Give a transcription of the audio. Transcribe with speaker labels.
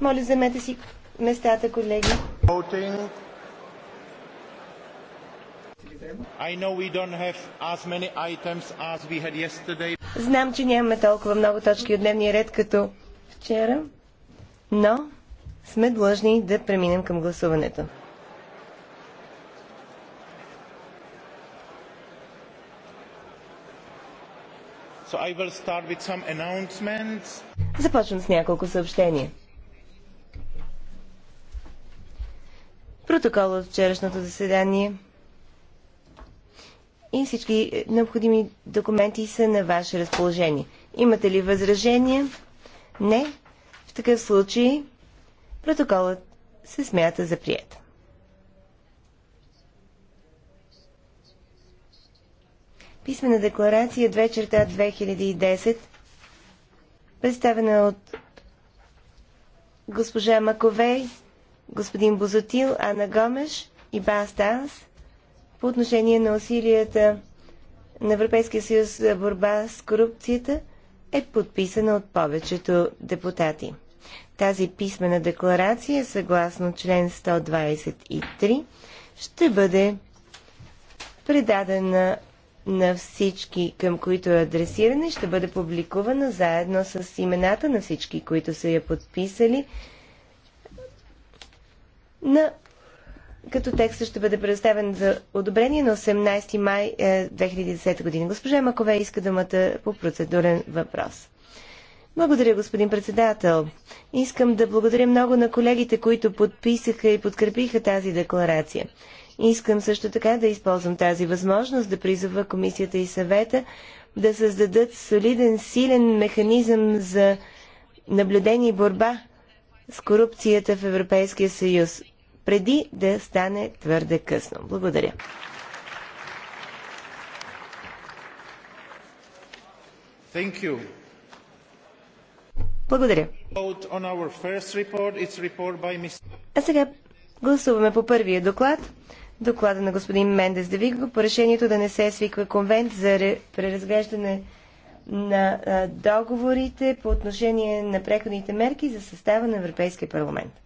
Speaker 1: Моля, вземете си местата, колеги. Знам, че нямаме толкова много точки от дневния ред, като вчера, но сме длъжни да преминем към гласуването. So I will start with some announcements. Започвам с няколко съобщения. Протокол от вчерашното заседание и всички необходими документи са на ваше разположение. Имате ли възражения? Не. В такъв случай протоколът се смята за прият. Писмена декларация 2 черта 2010, представена от госпожа Маковей, господин Бозотил, Ана Гомеш и Бас Данс по отношение на усилията на Европейския съюз за борба с корупцията е подписана от повечето депутати. Тази писмена декларация, съгласно член 123, ще бъде предадена на всички, към които е адресиране, ще бъде публикувана заедно с имената на всички, които са я подписали. На... Като текстът ще бъде предоставен за одобрение на 18 май 2010 е, година. Госпожа Макове иска думата по процедурен въпрос. Благодаря, господин председател. Искам да благодаря много на колегите, които подписаха и подкрепиха тази декларация. Искам също така да използвам тази възможност да призова комисията и съвета да създадат солиден, силен механизъм за наблюдение и борба с корупцията в Европейския съюз, преди да стане твърде късно. Благодаря. Thank you. Благодаря. А сега Гласуваме по първия доклад. Доклада на господин Мендес Давиго, по решението да не се свиква конвент за преразглеждане на договорите по отношение на преходните мерки за състава на Европейския парламент.